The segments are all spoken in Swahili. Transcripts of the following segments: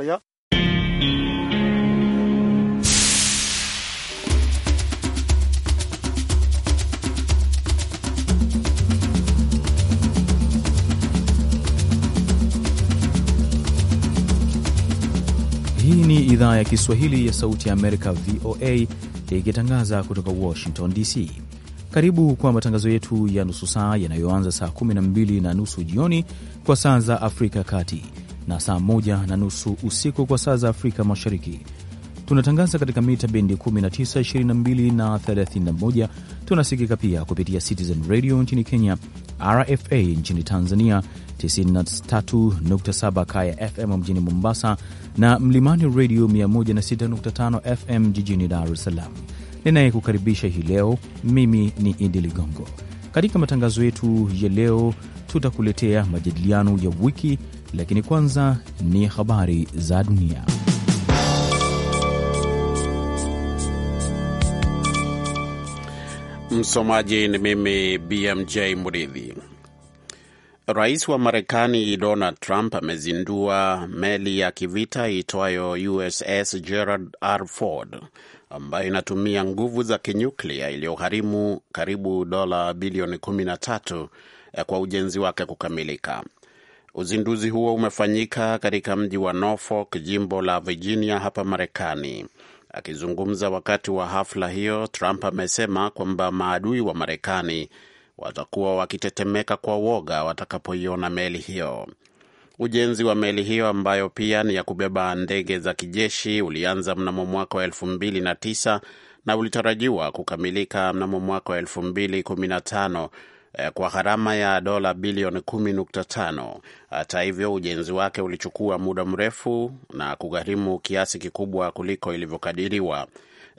Hii ni idhaa ya Kiswahili ya Sauti ya Amerika, VOA, ikitangaza kutoka Washington DC. Karibu kwa matangazo yetu ya nusu saa yanayoanza saa 12 na nusu jioni kwa saa za Afrika ya Kati na saa moja na nusu usiku kwa saa za Afrika Mashariki. Tunatangaza katika mita bendi 19, 22 na 31. Tunasikika pia kupitia Citizen Radio nchini Kenya, RFA nchini Tanzania, 93.7 Kaya FM mjini Mombasa na Mlimani Radio 106.5 FM jijini Dar es Salaam. Ninayekukaribisha hii leo mimi ni Idi Ligongo. Katika matangazo yetu ya leo tutakuletea majadiliano ya wiki, lakini kwanza ni habari za dunia. Msomaji ni mimi BMJ Muridhi. Rais wa Marekani Donald Trump amezindua meli ya kivita iitwayo USS Gerald R. Ford ambayo inatumia nguvu za kinyuklia iliyogharimu karibu dola bilioni 13 Eh, kwa ujenzi wake kukamilika. Uzinduzi huo umefanyika katika mji wa Norfolk, jimbo la Virginia, hapa Marekani. Akizungumza wakati wa hafla hiyo, Trump amesema kwamba maadui wa Marekani watakuwa wakitetemeka kwa woga watakapoiona meli hiyo. Ujenzi wa meli hiyo ambayo pia ni ya kubeba ndege za kijeshi ulianza mnamo mwaka wa elfu mbili na tisa na ulitarajiwa kukamilika mnamo mwaka wa elfu mbili kumi na tano Eh, kwa gharama ya dola bilioni 10.5. Hata hivyo, ujenzi wake ulichukua muda mrefu na kugharimu kiasi kikubwa kuliko ilivyokadiriwa.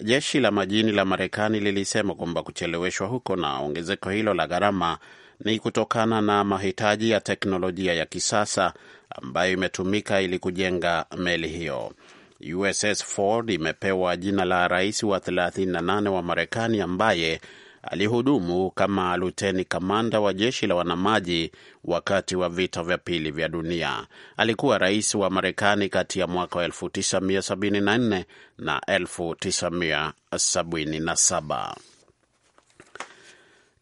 Jeshi la majini la Marekani lilisema kwamba kucheleweshwa huko na ongezeko hilo la gharama ni kutokana na mahitaji ya teknolojia ya kisasa ambayo imetumika ili kujenga meli hiyo. USS Ford imepewa jina la rais wa 38 wa Marekani ambaye alihudumu kama luteni kamanda wa jeshi la wanamaji wakati wa vita vya pili vya dunia. Alikuwa rais wa Marekani kati ya mwaka wa 1974 na 1977.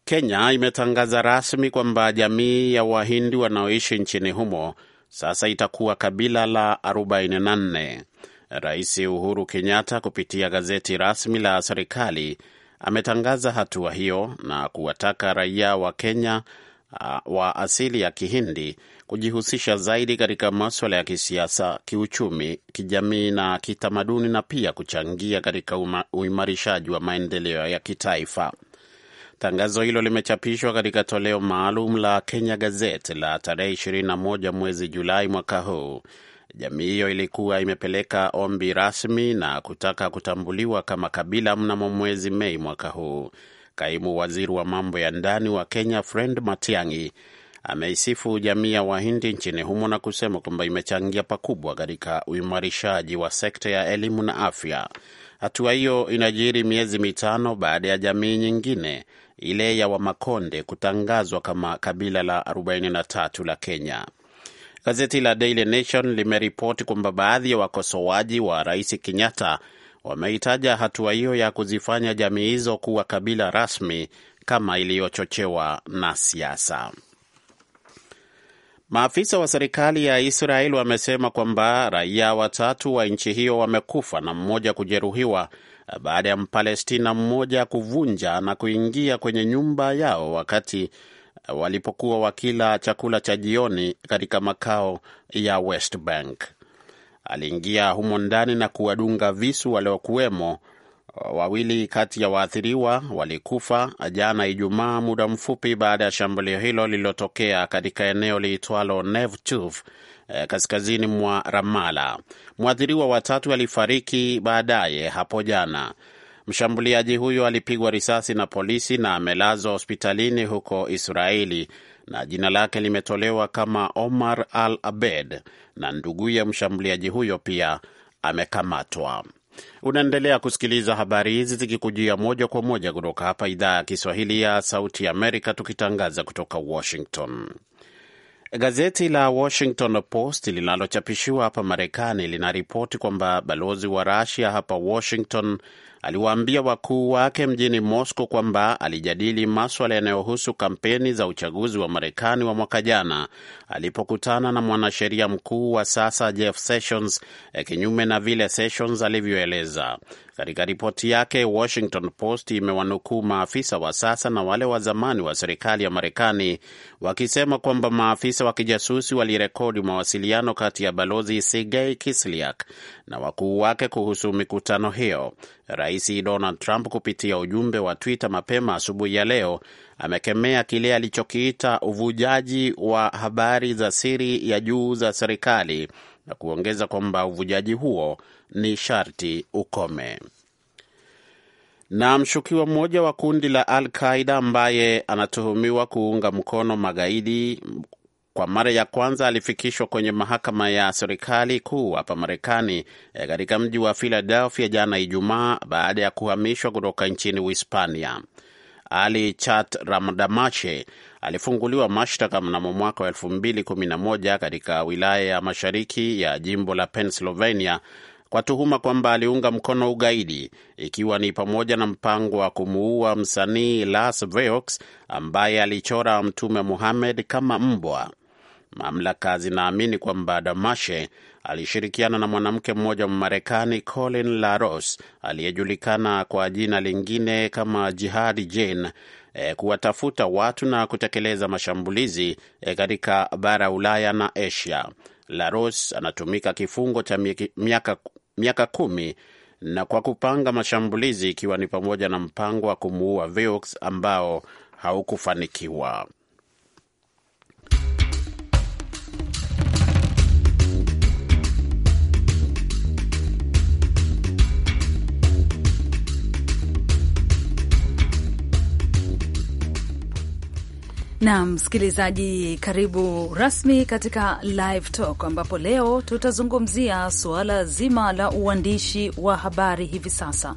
Kenya imetangaza rasmi kwamba jamii ya Wahindi wanaoishi nchini humo sasa itakuwa kabila la 44. Rais Uhuru Kenyatta kupitia gazeti rasmi la serikali ametangaza hatua hiyo na kuwataka raia wa Kenya uh, wa asili ya Kihindi kujihusisha zaidi katika maswala ya kisiasa, kiuchumi, kijamii na kitamaduni na pia kuchangia katika uimarishaji wa maendeleo ya kitaifa. Tangazo hilo limechapishwa katika toleo maalum la Kenya Gazette la tarehe 21 mwezi Julai mwaka huu Jamii hiyo ilikuwa imepeleka ombi rasmi na kutaka kutambuliwa kama kabila mnamo mwezi Mei mwaka huu. Kaimu waziri wa mambo ya ndani wa Kenya Fred Matiang'i ameisifu jamii ya Wahindi nchini humo na kusema kwamba imechangia pakubwa katika uimarishaji wa sekta ya elimu na afya. Hatua hiyo inajiri miezi mitano baada ya jamii nyingine ile ya Wamakonde kutangazwa kama kabila la 43 la Kenya. Gazeti la Daily Nation limeripoti kwamba baadhi ya wa wakosoaji wa rais Kenyatta wameitaja hatua hiyo ya kuzifanya jamii hizo kuwa kabila rasmi kama iliyochochewa na siasa. Maafisa wa serikali ya Israel wamesema kwamba raia watatu wa nchi hiyo wamekufa na mmoja kujeruhiwa baada ya Mpalestina mmoja kuvunja na kuingia kwenye nyumba yao wakati walipokuwa wakila chakula cha jioni katika makao ya West Bank. Aliingia humo ndani na kuwadunga visu waliokuwemo. Wawili kati ya waathiriwa walikufa jana Ijumaa, muda mfupi baada ya shambulio hilo lililotokea katika eneo liitwalo Nevtuf eh, kaskazini mwa Ramala. Mwathiriwa watatu alifariki baadaye hapo jana. Mshambuliaji huyo alipigwa risasi na polisi na amelazwa hospitalini huko Israeli na jina lake limetolewa kama Omar Al Abed na nduguye mshambuliaji huyo pia amekamatwa. Unaendelea kusikiliza habari hizi zikikujia moja kwa moja kutoka hapa idhaa ya Kiswahili ya Sauti ya Amerika, tukitangaza kutoka Washington. Gazeti la Washington Post linalochapishiwa hapa Marekani linaripoti kwamba balozi wa Rusia hapa Washington aliwaambia wakuu wake mjini Moscow kwamba alijadili maswala yanayohusu kampeni za uchaguzi wa Marekani wa mwaka jana alipokutana na mwanasheria mkuu wa sasa Jeff Sessions, eh, kinyume na vile Sessions alivyoeleza. Katika ripoti yake, Washington Post imewanukuu maafisa wa sasa na wale wa zamani wa serikali ya Marekani wakisema kwamba maafisa wa kijasusi walirekodi mawasiliano kati ya balozi Sergei kisliak na wakuu wake kuhusu mikutano hiyo. Rais Donald Trump kupitia ujumbe wa Twitter mapema asubuhi ya leo amekemea kile alichokiita uvujaji wa habari za siri ya juu za serikali na kuongeza kwamba uvujaji huo ni sharti ukome. Na mshukiwa mmoja wa kundi la Al Qaida ambaye anatuhumiwa kuunga mkono magaidi kwa mara ya kwanza alifikishwa kwenye mahakama ya serikali kuu hapa Marekani eh, katika mji wa Philadelphia jana Ijumaa, baada ya kuhamishwa kutoka nchini Uhispania. Ali Chat Ramdamache alifunguliwa mashtaka mnamo mwaka wa 2011 katika wilaya ya mashariki ya jimbo la Pennsylvania kwa tuhuma kwamba aliunga mkono ugaidi, ikiwa ni pamoja na mpango wa kumuua msanii Las Veox ambaye alichora Mtume Muhammad kama mbwa. Mamlaka zinaamini kwamba Damashe alishirikiana na mwanamke mmoja wa Marekani, Colin LaRose, aliyejulikana kwa jina lingine kama Jihadi Jane, e, kuwatafuta watu na kutekeleza mashambulizi e, katika bara Ulaya na Asia. LaRose anatumika kifungo cha miaka miaka kumi na kwa kupanga mashambulizi ikiwa ni pamoja na mpango wa kumuua Vaux ambao haukufanikiwa. na msikilizaji, karibu rasmi katika Live Talk ambapo leo tutazungumzia suala zima la uandishi wa habari hivi sasa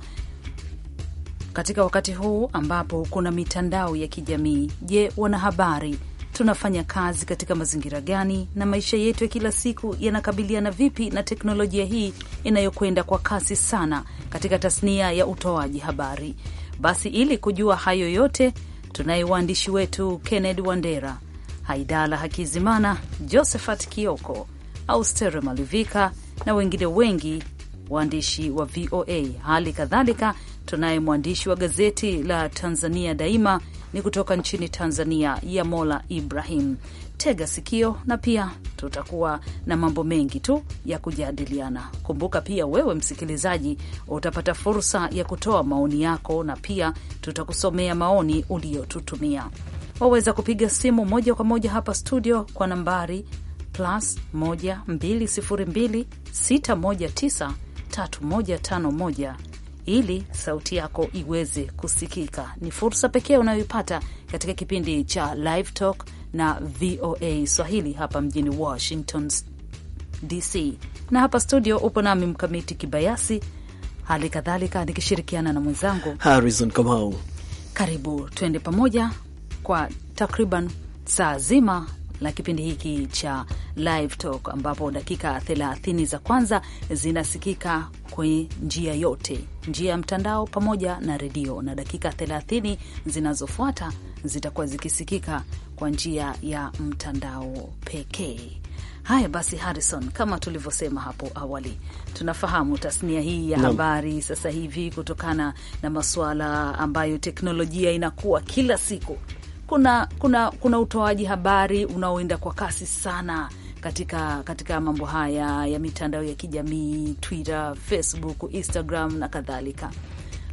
katika wakati huu ambapo kuna mitandao ya kijamii. Je, wanahabari tunafanya kazi katika mazingira gani, na maisha yetu ya kila siku yanakabiliana vipi na teknolojia hii inayokwenda kwa kasi sana katika tasnia ya utoaji habari? Basi ili kujua hayo yote Tunaye waandishi wetu Kennedy Wandera, Haidala Hakizimana, Josephat Kioko, Austere Malivika na wengine wengi waandishi wa VOA. Hali kadhalika tunaye mwandishi wa gazeti la Tanzania Daima ni kutoka nchini Tanzania, Yamola Ibrahim tega sikio, na pia tutakuwa na mambo mengi tu ya kujadiliana. Kumbuka pia wewe msikilizaji, utapata fursa ya kutoa maoni yako, na pia tutakusomea maoni uliyotutumia. Waweza kupiga simu moja kwa moja hapa studio kwa nambari plus 12026193151 ili sauti yako iweze kusikika. Ni fursa pekee unayoipata katika kipindi cha Live Talk na VOA Swahili hapa mjini Washington DC, na hapa studio upo nami Mkamiti Kibayasi, hali kadhalika nikishirikiana na mwenzangu Harrison Kamau. Karibu tuende pamoja kwa takriban saa zima la kipindi hiki cha Live Talk, ambapo dakika 30 za kwanza zinasikika kwenye njia yote, njia ya mtandao pamoja na redio, na dakika 30 zinazofuata zitakuwa zikisikika kwa njia ya mtandao pekee. Haya basi, Harrison, kama tulivyosema hapo awali, tunafahamu tasnia hii ya habari sasa hivi, kutokana na masuala ambayo teknolojia inakuwa kila siku kuna, kuna, kuna utoaji habari unaoenda kwa kasi sana katika, katika mambo haya ya mitandao ya kijamii Twitter, Facebook, Instagram na kadhalika.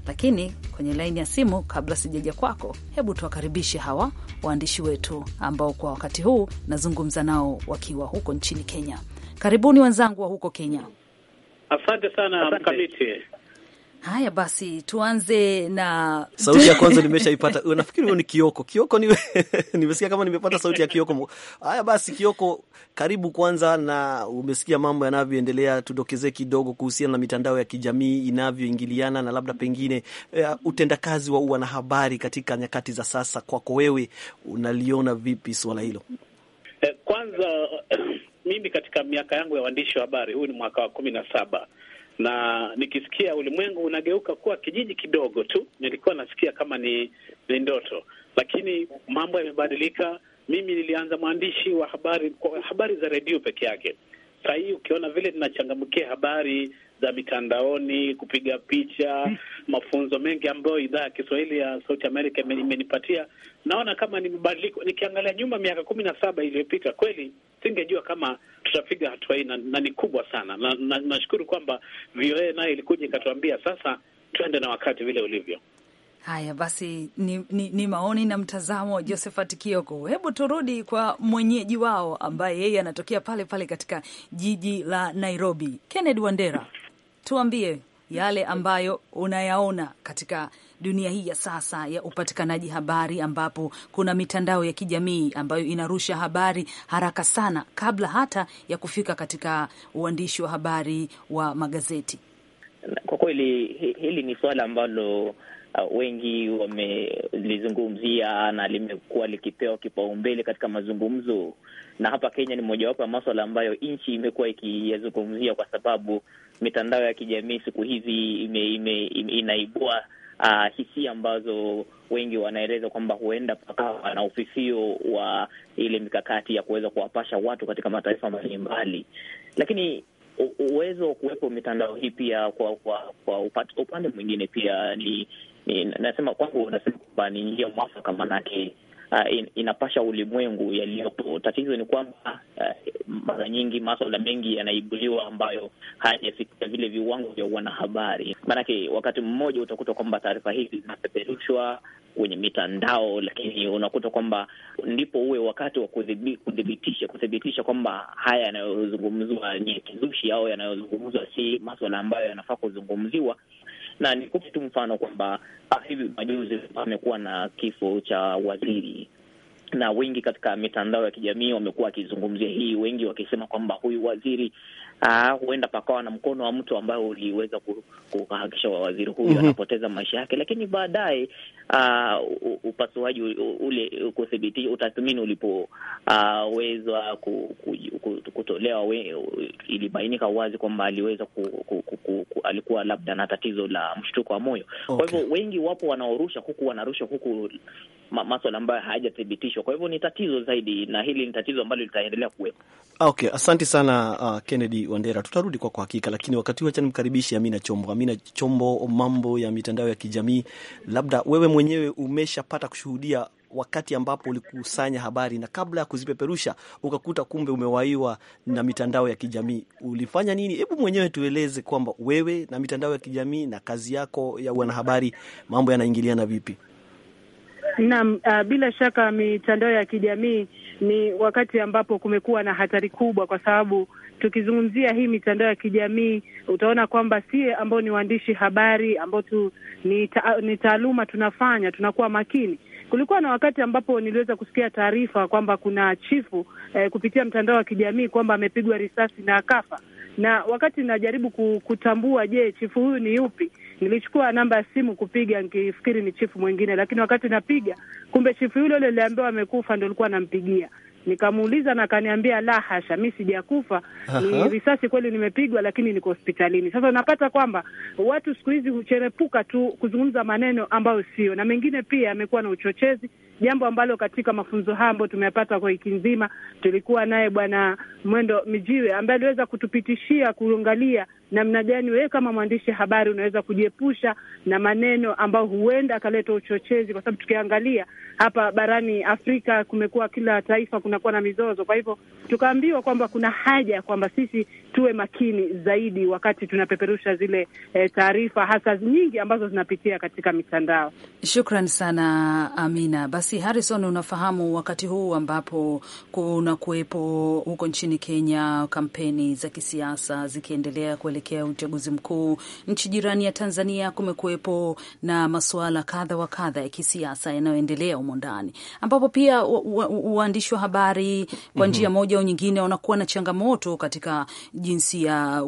Lakini kwenye laini ya simu, kabla sijaja kwako, hebu tuwakaribishe hawa waandishi wetu ambao kwa wakati huu nazungumza nao wakiwa huko nchini Kenya. Karibuni wenzangu wa huko Kenya. Asante sana Mkamiti. Haya basi, tuanze na sauti ya kwanza. Nimeshaipata, nafikiri huo ni Kioko. Kioko ni nimesikia kama nimepata sauti ya Kioko. Haya basi, Kioko, karibu kwanza. Na umesikia mambo yanavyoendelea, tudokezee kidogo kuhusiana na mitandao ya kijamii inavyoingiliana na labda pengine uh, utendakazi wa wanahabari katika nyakati za sasa. Kwako wewe, unaliona vipi suala hilo? Eh, kwanza mimi katika miaka yangu ya waandishi wa habari, huu ni mwaka wa kumi na saba na nikisikia ulimwengu unageuka kuwa kijiji kidogo tu, nilikuwa nasikia kama ni, ni ndoto, lakini mambo yamebadilika. Mimi nilianza mwandishi wa habari kwa habari za redio peke yake. Saa hii ukiona vile tunachangamkia habari za mitandaoni, kupiga picha hmm. mafunzo mengi ambayo idhaa ya Kiswahili ya Sauti Amerika imenipatia, naona kama ni mabadiliko. Nikiangalia nyuma miaka kumi na saba iliyopita kweli singejua kama tutapiga hatua hii na, na ni kubwa sana na, na, nashukuru kwamba VOA naye ilikuja ikatuambia sasa tuende na wakati vile ulivyo. Haya basi, ni, ni, ni maoni na mtazamo Josephat Kioko. Hebu turudi kwa mwenyeji wao ambaye yeye anatokea pale pale katika jiji la Nairobi, Kennedy Wandera, tuambie yale ambayo unayaona katika dunia hii ya sasa ya upatikanaji habari, ambapo kuna mitandao ya kijamii ambayo inarusha habari haraka sana kabla hata ya kufika katika uandishi wa habari wa magazeti. Kwa kweli hili ni suala ambalo uh, wengi wamelizungumzia na limekuwa likipewa kipaumbele katika mazungumzo, na hapa Kenya ni mojawapo ya maswala ambayo nchi imekuwa ikiyazungumzia, kwa sababu mitandao ya kijamii siku hizi ime, ime, ime, inaibua uh, hisia ambazo wengi wanaeleza kwamba huenda pakawa na ufifio wa ile mikakati ya kuweza kuwapasha watu katika mataifa mbalimbali, lakini uwezo wa kuwepo mitandao hii pia kwa kwa, kwa upande mwingine pia ni, ni nasema kwangu, nasema kwamba ni njia mwafaka manake uh, in, inapasha ulimwengu yaliyopo. Tatizo ni kwamba uh, mara nyingi maswala mengi yanaibuliwa ambayo hayajafikia vile viwango vya wanahabari, maanake wakati mmoja utakuta kwamba taarifa hizi zinapeperushwa kwenye mitandao, lakini unakuta kwamba ndipo uwe wakati wa kuthibitisha kuthibitisha kwamba haya yanayozungumzwa ni kizushi au yanayozungumzwa si maswala ambayo yanafaa kuzungumziwa na nikupe tu mfano kwamba ah, hivi majuzi pamekuwa na kifo cha waziri na wengi katika mitandao ya kijamii wamekuwa wakizungumzia hii, wengi wakisema kwamba huyu waziri uh, huenda pakawa na mkono wa mtu ambaye uliweza kuhakikisha waziri huyu mm -hmm. anapoteza maisha yake, lakini baadaye uh, upasuaji ule kuthibitisha utathmini ulipowezwa uh, ku, ku, kutolewa, ilibainika wazi kwamba aliweza ku, ku, ku, ku, ku, alikuwa labda na tatizo la mshtuko wa moyo okay. Kwa hivyo wengi wapo wanaorusha huku wanarusha huku maswala ambayo hayajathibitishwa, kwa hivyo ni tatizo zaidi, na hili ni tatizo ambalo litaendelea kuwepo. Okay, asante sana uh, Kennedy Wandera, tutarudi kwako kwa hakika, lakini wakati huu acha nimkaribishe Amina Chombo. Amina Chombo, mambo ya mitandao ya kijamii, labda wewe mwenyewe umeshapata kushuhudia wakati ambapo ulikusanya habari na kabla ya kuzipeperusha ukakuta kumbe umewaiwa na mitandao ya kijamii ulifanya nini? Hebu mwenyewe tueleze kwamba wewe na mitandao ya kijamii na kazi yako ya wanahabari mambo yanaingiliana vipi? Naam, uh, bila shaka mitandao ya kijamii ni wakati ambapo kumekuwa na hatari kubwa, kwa sababu tukizungumzia hii mitandao ya kijamii utaona kwamba sie ambao ni waandishi habari ambao tu ni, ta, ni taaluma tunafanya tunakuwa makini. Kulikuwa na wakati ambapo niliweza kusikia taarifa kwamba kuna chifu eh, kupitia mtandao wa kijamii kwamba amepigwa risasi na akafa na wakati najaribu kutambua, je, chifu huyu ni yupi, nilichukua namba ya simu kupiga nikifikiri ni chifu mwingine, lakini wakati napiga, kumbe chifu yule yule aliambiwa amekufa, ndo alikuwa nampigia. Nikamuuliza na akaniambia la hasha, mi sijakufa, ni risasi kweli nimepigwa, lakini niko hospitalini. Sasa napata kwamba watu siku hizi hucherepuka tu kuzungumza maneno ambayo sio, na mengine pia amekuwa na uchochezi jambo ambalo katika mafunzo haya ambayo tumeyapata kwa wiki nzima, tulikuwa naye Bwana Mwendo Mijiwe ambaye aliweza kutupitishia kuangalia namna gani wewe kama mwandishi habari unaweza kujiepusha na maneno ambayo huenda akaleta uchochezi, kwa sababu tukiangalia hapa barani Afrika kumekuwa kila taifa kunakuwa na mizozo. Kwa hivyo tukaambiwa kwamba kuna haja kwamba sisi tuwe makini zaidi wakati tunapeperusha zile e, taarifa hasa nyingi ambazo zinapitia katika mitandao. Shukran sana Amina. Basi Harrison, unafahamu wakati huu ambapo kuna kuwepo huko nchini Kenya kampeni za kisiasa zikiendelea kuelekea uchaguzi mkuu, nchi jirani ya Tanzania kumekuwepo na masuala kadha wa kadha ya kisiasa yanayoendelea humo ndani, ambapo pia waandishi wa habari kwa mhm. njia mm -hmm. moja au nyingine wanakuwa na changamoto katika jinsi ya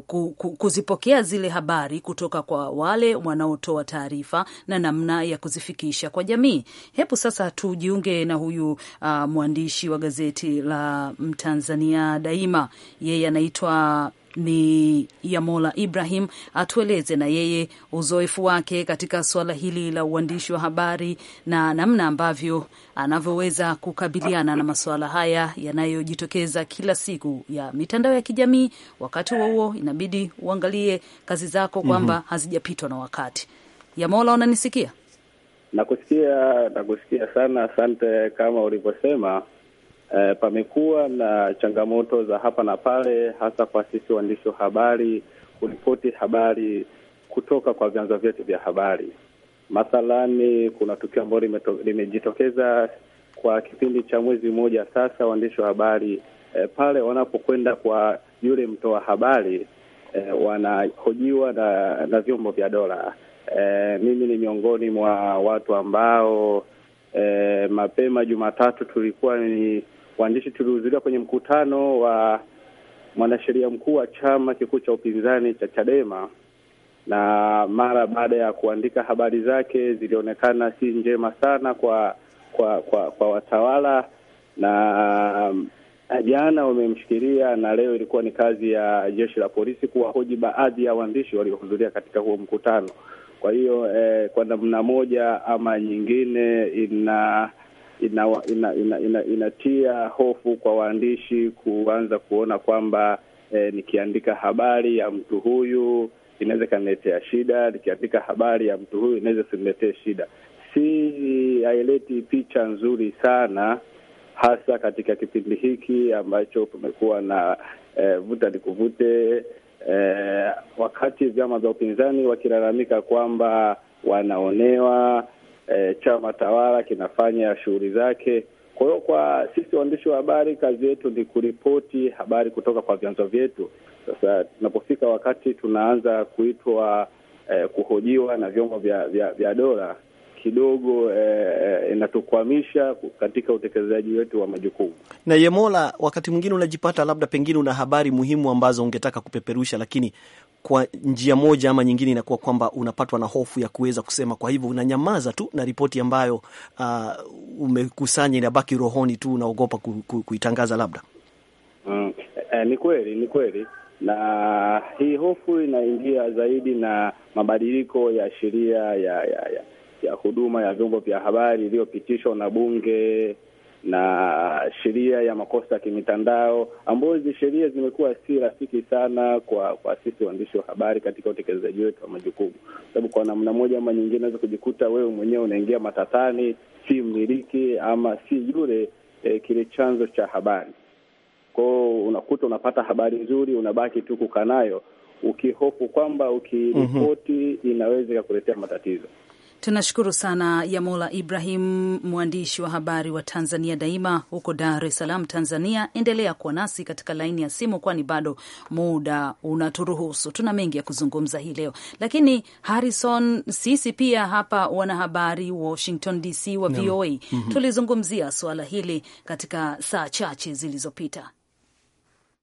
kuzipokea zile habari kutoka kwa wale wanaotoa taarifa na namna ya kuzifikisha kwa jamii. Hebu sasa tujiunge na huyu uh, mwandishi wa gazeti la Mtanzania Daima, yeye anaitwa ni Yamola Ibrahim atueleze na yeye uzoefu wake katika suala hili la uandishi wa habari na namna ambavyo anavyoweza kukabiliana na masuala haya yanayojitokeza kila siku ya mitandao ya kijamii. Wakati huo huo, inabidi uangalie kazi zako kwamba mm -hmm. hazijapitwa na wakati. Yamola, unanisikia? Nakusikia, nakusikia sana. Asante, kama ulivyosema eh, pamekuwa na changamoto za hapa na pale, hasa kwa sisi waandishi wa habari kuripoti habari kutoka kwa vyanzo vyetu vya habari. Mathalani, kuna tukio ambalo limejitokeza kwa kipindi cha mwezi mmoja sasa, waandishi wa habari eh, pale wanapokwenda kwa yule mtoa habari eh, wanahojiwa na, na vyombo vya dola. Eh, mimi ni miongoni mwa watu ambao eh, mapema Jumatatu tulikuwa ni waandishi tulihudhuria kwenye mkutano wa mwanasheria mkuu wa chama kikuu cha upinzani cha Chadema, na mara baada ya kuandika habari zake zilionekana si njema sana kwa kwa kwa, kwa watawala na um, jana wamemshikilia na leo ilikuwa ni kazi ya jeshi la polisi kuwahoji baadhi ya waandishi waliohudhuria katika huo mkutano. Kwa hiyo eh, kwa namna moja ama nyingine ina inatia ina, ina, ina, inatia hofu kwa waandishi kuanza kuona kwamba eh, nikiandika habari ya mtu huyu inaweza ikaniletea shida, nikiandika habari ya mtu huyu inaweza siniletee shida. Si haileti picha nzuri sana, hasa katika kipindi hiki ambacho kumekuwa na eh, vuta ni kuvute eh, wakati vyama vya upinzani wakilalamika kwamba wanaonewa e, chama tawala kinafanya shughuli zake. Kwa hiyo kwa sisi waandishi wa habari kazi yetu ni kuripoti habari kutoka kwa vyanzo vyetu. Sasa tunapofika wakati tunaanza kuitwa eh, kuhojiwa na vyombo vya, vya, vya dola kidogo eh, eh, inatukwamisha katika utekelezaji wetu wa majukumu. Na Yemola, wakati mwingine unajipata labda pengine una habari muhimu ambazo ungetaka kupeperusha, lakini kwa njia moja ama nyingine inakuwa kwamba unapatwa na hofu ya kuweza kusema, kwa hivyo unanyamaza tu na ripoti ambayo uh, umekusanya inabaki rohoni tu, unaogopa kuitangaza labda. Mm, eh, ni kweli, ni kweli na hii hofu inaingia zaidi na mabadiliko ya sheria ya, ya, ya ya huduma ya vyombo vya habari iliyopitishwa na bunge na sheria ya makosa ya kimitandao ambayo hizi sheria zimekuwa si rafiki sana kwa kwa sisi waandishi wa habari katika utekelezaji wetu wa majukumu, sababu kwa namna moja ama nyingine unaweza kujikuta wewe mwenyewe unaingia matatani, si mmiliki ama si yule eh, kile chanzo cha habari kwao, unakuta unapata habari nzuri, unabaki tu kukaa nayo ukihofu kwamba ukiripoti mm -hmm. inaweza ikakuletea matatizo. Tunashukuru sana Yamola Ibrahim, mwandishi wa habari wa Tanzania Daima huko Dar es Salaam, Tanzania. Endelea kuwa nasi katika laini ya simu, kwani bado muda unaturuhusu. Tuna mengi ya kuzungumza hii leo, lakini Harrison, sisi pia hapa wanahabari Washington DC wa VOA mm -hmm. tulizungumzia suala hili katika saa chache zilizopita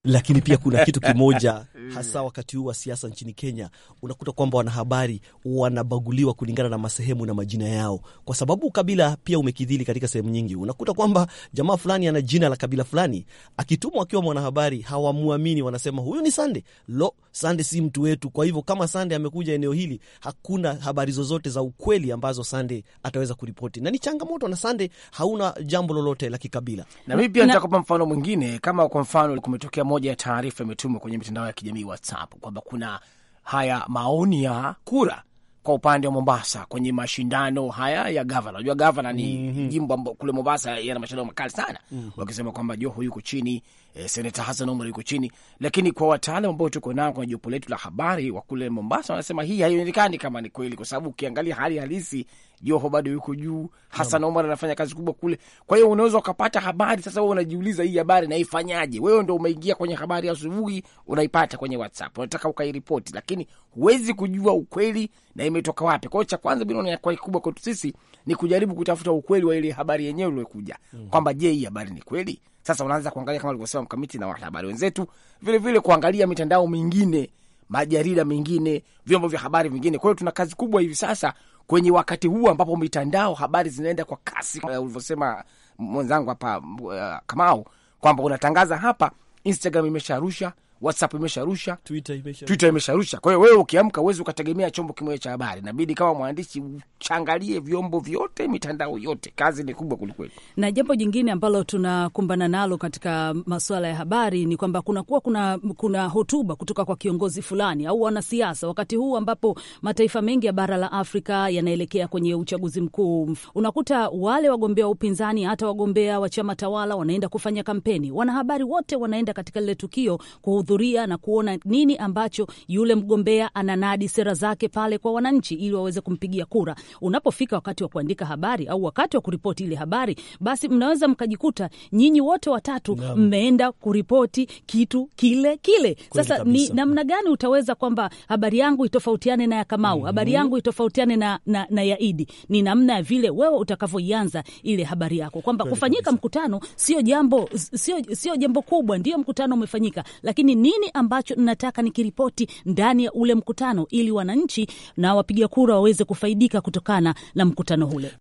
lakini pia kuna kitu kimoja hasa wakati huu wa siasa nchini Kenya, unakuta kwamba wanahabari wanabaguliwa kulingana na masehemu na majina yao, kwa sababu kabila pia umekidhili katika sehemu nyingi. Unakuta kwamba jamaa fulani ana jina la kabila fulani, akitumwa akiwa mwanahabari hawamuamini, wanasema huyu ni Sande. Lo, Sande si mtu wetu. Kwa hivyo kama Sande amekuja eneo hili, hakuna habari zozote za ukweli ambazo Sande ataweza kuripoti, na ni changamoto, na Sande hauna jambo lolote la kikabila. Na mimi pia nitakupa mfano mwingine, kama kwa mfano kumetokea moja ya taarifa imetumwa kwenye mitandao ya kijamii WhatsApp kwamba kuna haya maoni ya kura kwa upande wa Mombasa kwenye mashindano haya ya gavana. Unajua gavana ni mm -hmm. jimbo kule Mombasa yana mashindano makali sana mm -hmm. wakisema kwamba Joho yuko chini e, eh, seneta Hassan Omar yuko chini, lakini kwa wataalam ambao tuko nao kwenye jopo letu la habari wa kule Mombasa wanasema hii haionekani kama ni kweli, kwa sababu ukiangalia hali halisi Joho bado yuko juu, Hassan Omar anafanya kazi kubwa kule. Kwa hiyo unaweza ukapata habari sasa, wewe unajiuliza hii habari naifanyaje? Wewe ndo umeingia kwenye habari asubuhi, unaipata kwenye WhatsApp, unataka ukairipoti, lakini huwezi kujua ukweli na imetoka wapi. Kwa hiyo cha kwanza binaona kwa kikubwa kwetu sisi ni kujaribu kutafuta ukweli wa ile habari yenyewe uliokuja, mm-hmm. kwamba je, hii habari ni kweli? Sasa unaanza kuangalia kama alivyosema mkamiti na wanahabari wenzetu, vilevile kuangalia mitandao mingine, majarida mengine, vyombo vya habari vingine. Kwa hiyo tuna kazi kubwa hivi sasa kwenye wakati huu ambapo mitandao habari zinaenda kwa kasi, ulivyosema mwenzangu hapa uh, Kamau, kwamba unatangaza hapa, Instagram imesharusha WhatsApp imesharusha, Twitter imesharusha, Kwa hiyo wewe ukiamka uwezi ukategemea chombo kimoja cha habari, inabidi kama mwandishi uchangalie vyombo vyote, mitandao yote. Kazi ni kubwa kwelikweli. Na jambo jingine ambalo tunakumbana nalo katika masuala ya habari ni kwamba kunakuwa kuna, kuna hotuba kutoka kwa kiongozi fulani au wanasiasa, wakati huu ambapo mataifa mengi ya bara la Afrika yanaelekea kwenye uchaguzi mkuu. Unakuta wale wagombea wa upinzani, hata wagombea wa chama tawala wanaenda kufanya kampeni, wanahabari wote wanaenda katika lile tukio kuhudhuria na kuona nini ambacho yule mgombea ananadi sera zake pale kwa wananchi, ili waweze kumpigia kura. Unapofika wakati wa kuandika habari au wakati wa kuripoti ile habari, basi mnaweza mkajikuta nyinyi wote watatu mmeenda kuripoti kitu kile kile. Sasa ni namna gani utaweza kwamba habari yangu itofautiane na ya Kamau, mhm. habari yangu itofautiane na, na, na ya Idi? Ni namna ya vile wewe utakavyoianza ile habari yako, kwamba kufanyika mkutano sio jambo, sio jambo kubwa. Ndio mkutano umefanyika, lakini nini ambacho nataka nikiripoti ndani ya ule mkutano, ili wananchi na wapiga kura waweze kufaidika kutokana na mkutano ule.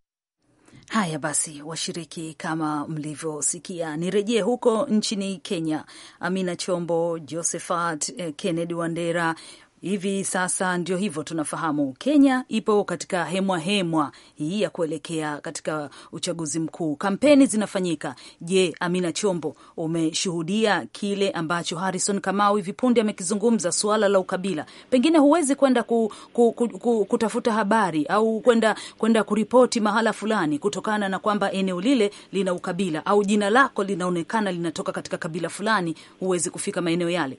Haya basi, washiriki, kama mlivyosikia, nirejee huko nchini Kenya. Amina Chombo, Josephat eh, Kennedy Wandera, Hivi sasa ndio hivyo, tunafahamu Kenya ipo katika hemwa hemwa hii ya kuelekea katika uchaguzi mkuu, kampeni zinafanyika. Je, Amina Chombo, umeshuhudia kile ambacho Harrison Kamau hivi punde amekizungumza, suala la ukabila? Pengine huwezi kwenda ku, ku, ku, ku, kutafuta habari au kwenda kwenda kuripoti mahala fulani kutokana na kwamba eneo lile lina ukabila au jina lako linaonekana linatoka katika kabila fulani, huwezi kufika maeneo yale.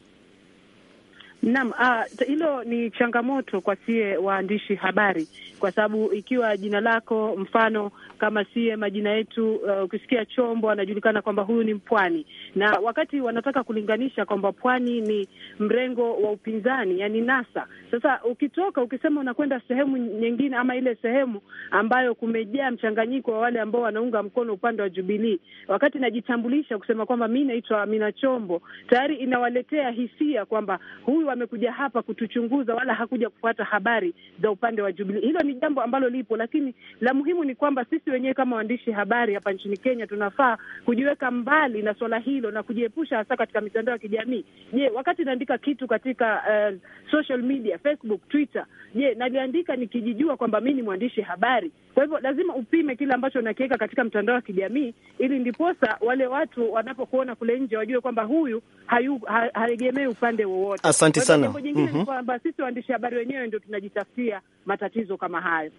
Naam, ah, hilo ni changamoto kwa sie waandishi habari, kwa sababu ikiwa jina lako mfano kama sie majina yetu, uh, ukisikia chombo anajulikana kwamba huyu ni mpwani, na wakati wanataka kulinganisha kwamba pwani ni mrengo wa upinzani, yani NASA. Sasa ukitoka ukisema unakwenda sehemu nyingine ama ile sehemu ambayo kumejaa mchanganyiko wa wale ambao wanaunga mkono upande wa jubilii wakati najitambulisha kusema kwamba mi naitwa Amina Chombo, tayari inawaletea hisia kwamba huyu huyu amekuja hapa kutuchunguza, wala hakuja kufuata habari za upande wa Jubilii. Hilo ni jambo ambalo lipo, lakini la muhimu ni kwamba sisi wenyewe kama waandishi habari hapa nchini Kenya tunafaa kujiweka mbali na swala hilo na kujiepusha hasa katika mitandao ya kijamii. Je, wakati naandika kitu katika uh, social media, Facebook, Twitter, je, naliandika nikijijua kwamba mi ni mwandishi habari? Kwa hivyo lazima upime kile ambacho unakiweka katika mtandao wa kijamii, ili ndiposa wale watu wanapokuona kule nje wajue kwamba huyu haegemei upande wowote. Asante. Asante sana. Jambo jingine mm -hmm. kwamba sisi waandishi habari wenyewe ndio tunajitafutia matatizo kama hayo.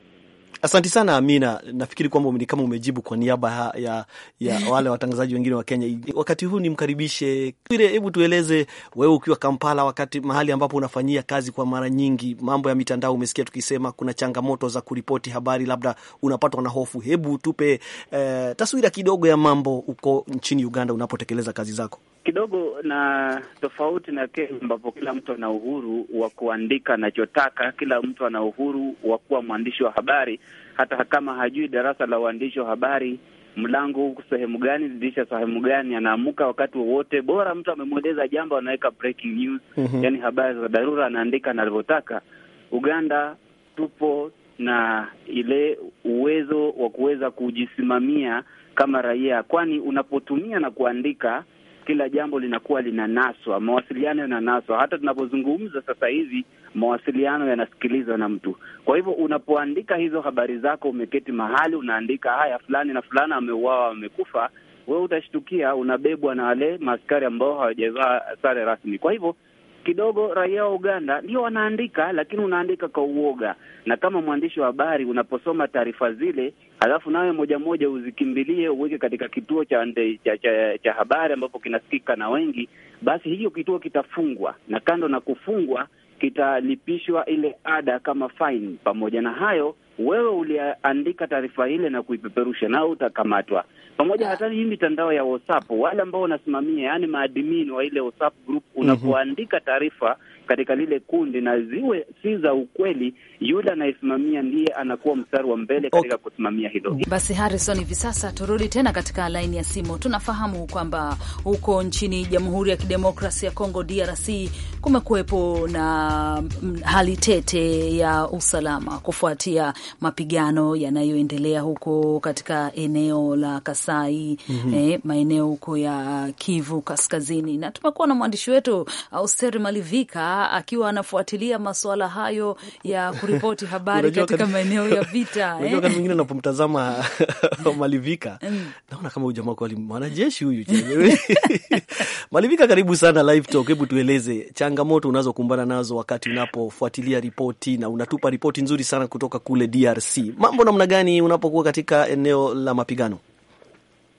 Asanti sana Amina, nafikiri kwamba ni kama umejibu kwa niaba ya, ya wale watangazaji wengine wa Kenya. Wakati huu nimkaribishe Bwire, hebu tueleze wewe, ukiwa Kampala, wakati mahali ambapo unafanyia kazi, kwa mara nyingi mambo ya mitandao umesikia tukisema kuna changamoto za kuripoti habari, labda unapatwa na hofu. Hebu tupe eh, taswira kidogo ya mambo uko nchini Uganda unapotekeleza kazi zako kidogo na tofauti na Kenya ambapo kila mtu ana uhuru wa kuandika anachotaka. Kila mtu ana uhuru wa kuwa mwandishi wa habari, hata kama hajui darasa la uandishi wa habari, mlango huku sehemu gani, dirisha sehemu gani, anaamuka wakati wowote, bora mtu amemweleza jambo, anaweka breaking news mm -hmm. Yani habari za dharura, anaandika anavyotaka. Uganda tupo na ile uwezo wa kuweza kujisimamia kama raia, kwani unapotumia na kuandika kila jambo linakuwa linanaswa, mawasiliano yananaswa. Hata tunapozungumza sasa hivi mawasiliano yanasikilizwa na mtu. Kwa hivyo unapoandika hizo habari zako, umeketi mahali unaandika haya, fulani na fulani ameuawa, amekufa, wewe utashtukia unabebwa na wale maaskari ambao hawajavaa sare rasmi. Kwa hivyo kidogo raia wa Uganda ndio wanaandika, lakini unaandika kwa uoga, na kama mwandishi wa habari unaposoma taarifa zile alafu nawe moja moja uzikimbilie uweke katika kituo cha, cha, cha, cha habari ambapo kinasikika na wengi, basi hicho kituo kitafungwa, na kando na kufungwa kitalipishwa ile ada kama fine. Pamoja na hayo, wewe uliandika taarifa ile na kuipeperusha, nao utakamatwa pamoja. Ah. Hata hii mitandao ya WhatsApp, wale ambao wanasimamia, yaani maadmin wa ile WhatsApp group, mhm. unapoandika taarifa katika lile kundi, na ziwe si za ukweli, yule anayesimamia ndiye anakuwa mstari wa mbele katika okay, kusimamia hilo. Basi Harrison, hivi sasa turudi tena katika laini ya simu. Tunafahamu kwamba huko nchini Jamhuri ya Kidemokrasia ya Kongo DRC kumekuwepo na hali tete ya usalama kufuatia mapigano yanayoendelea huko katika eneo la Kasai, mm -hmm. eh, maeneo huko ya Kivu Kaskazini, na tumekuwa na mwandishi wetu Austeri Malivika akiwa anafuatilia masuala hayo ya kuripoti habari katika maeneo ya vita. Unajua, eh? wakati mwingine napomtazama Malivika mm. naona kama ujamaa kweli mwanajeshi huyu. Malivika, karibu sana Live Talk. Hebu tueleze changamoto unazokumbana nazo wakati unapofuatilia ripoti, na unatupa ripoti nzuri sana kutoka kule DRC. Mambo namna gani unapokuwa katika eneo la mapigano?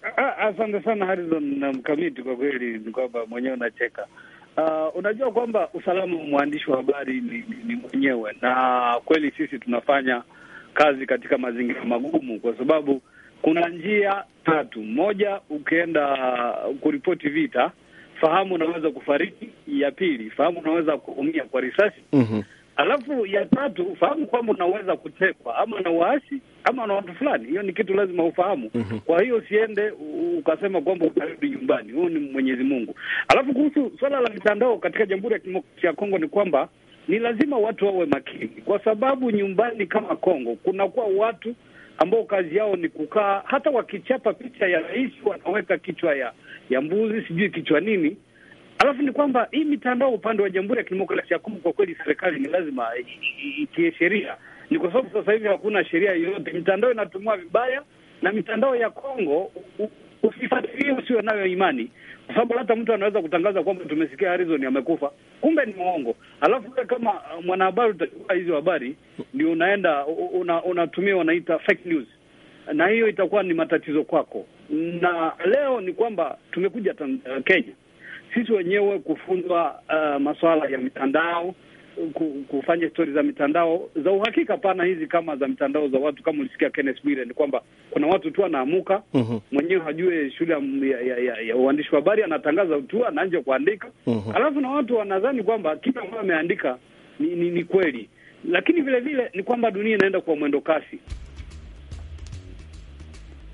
Ah, ah, asante sana Harizon na Mkamiti, kwa kweli ni kwamba mwenyewe unacheka Uh, unajua kwamba usalama wa mwandishi wa habari ni, ni, ni mwenyewe, na kweli sisi tunafanya kazi katika mazingira magumu, kwa sababu kuna njia tatu. Moja, ukienda kuripoti vita, fahamu unaweza kufariki. Ya pili, fahamu unaweza kuumia kwa risasi. mm -hmm. Alafu ya tatu, ufahamu kwamba unaweza kutekwa ama na waasi ama na watu fulani. Hiyo ni kitu lazima ufahamu. mm -hmm. Kwa hiyo siende ukasema kwamba utarudi nyumbani, huyu ni Mwenyezi Mungu. Alafu kuhusu swala la mitandao katika Jamhuri ya Kidemokrasia ya Kongo ni kwamba ni lazima watu wawe makini, kwa sababu nyumbani kama Kongo kunakuwa watu ambao kazi yao ni kukaa, hata wakichapa picha ya rais wanaweka kichwa ya, ya mbuzi sijui kichwa nini Alafu ni kwamba hii mitandao upande wa Jamhuri ya Kidemokrasia ya Kongo, kwa kweli serikali ni lazima itie sheria, ni kwa sababu sasa hivi hakuna sheria yoyote. Mitandao inatumiwa vibaya, na mitandao ya Kongo usifatilie, usiwe nayo imani, kwa sababu hata mtu anaweza kutangaza kwamba tumesikia Harrison amekufa, kumbe ni mwongo. Alafu kama uh, mwanahabari utachukua hizo habari, ndio unaenda unatumia, una wanaita fake news, na hiyo itakuwa ni matatizo kwako. Na leo ni kwamba tumekuja uh, Kenya sisi wenyewe kufunzwa uh, masuala ya mitandao kufanya stori za mitandao za uhakika pana hizi kama za mitandao za watu kama ulisikia Kenneth Bwire, ni kwamba kuna watu tu anaamuka uh mhm. -huh. mwenyewe hajue shule ya, ya, ya, ya uandishi wa habari anatangaza tu anaanja kuandika uh mhm. -huh. alafu na watu wanadhani kwamba kila ambayo ameandika ni, ni, ni kweli, lakini vile vile ni kwamba dunia inaenda kwa mwendo kasi.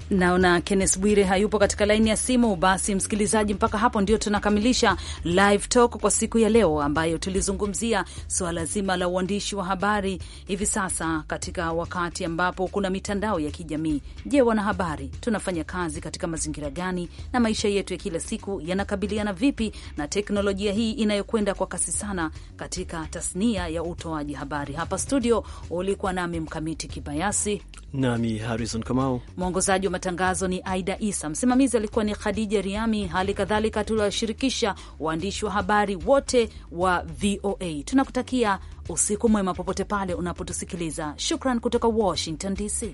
Naona Kennes Bwire hayupo katika laini ya simu. Basi msikilizaji, mpaka hapo ndio tunakamilisha live talk kwa siku ya leo, ambayo tulizungumzia suala zima la uandishi wa habari hivi sasa katika wakati ambapo kuna mitandao ya kijamii. Je, wanahabari tunafanya kazi katika mazingira gani, na maisha yetu ya kila siku yanakabiliana vipi na teknolojia hii inayokwenda kwa kasi sana katika tasnia ya utoaji habari? Hapa studio ulikuwa nami Mkamiti Kibayasi nami Harrison Kamau mwongozaji matangazo ni Aida Isa, msimamizi alikuwa ni Khadija Riami. Hali kadhalika tuliwashirikisha waandishi wa habari wote wa VOA. Tunakutakia usiku mwema popote pale unapotusikiliza. Shukran kutoka Washington DC.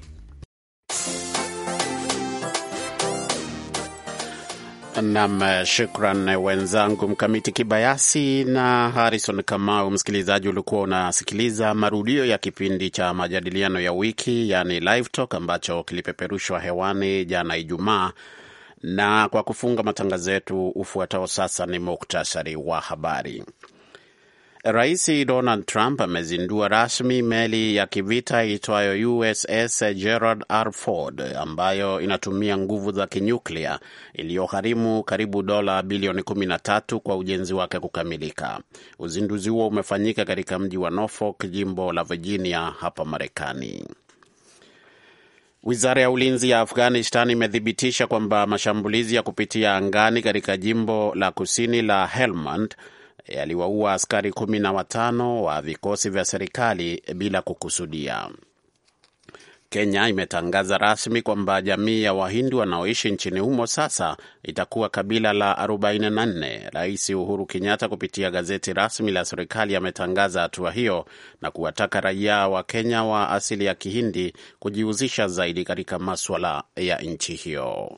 Nam, eh, shukran eh, wenzangu Mkamiti Kibayasi na Harrison Kamau. Msikilizaji, ulikuwa unasikiliza marudio ya kipindi cha majadiliano ya wiki, yani Live Talk, ambacho kilipeperushwa hewani jana Ijumaa. Na kwa kufunga matangazo yetu, ufuatao sasa ni muktasari wa habari. Rais Donald Trump amezindua rasmi meli ya kivita iitwayo USS Gerald R. Ford ambayo inatumia nguvu za kinyuklia iliyogharimu karibu dola bilioni 13 kwa ujenzi wake kukamilika. Uzinduzi huo umefanyika katika mji wa Norfolk, jimbo la Virginia, hapa Marekani. Wizara ya ulinzi ya Afghanistan imethibitisha kwamba mashambulizi ya kupitia angani katika jimbo la kusini la Helmand yaliwaua askari kumi na watano wa vikosi vya serikali bila kukusudia. Kenya imetangaza rasmi kwamba jamii ya Wahindi wanaoishi nchini humo sasa itakuwa kabila la 44. Rais Uhuru Kenyatta kupitia gazeti rasmi la serikali ametangaza hatua hiyo na kuwataka raia wa Kenya wa asili ya Kihindi kujihusisha zaidi katika maswala ya nchi hiyo.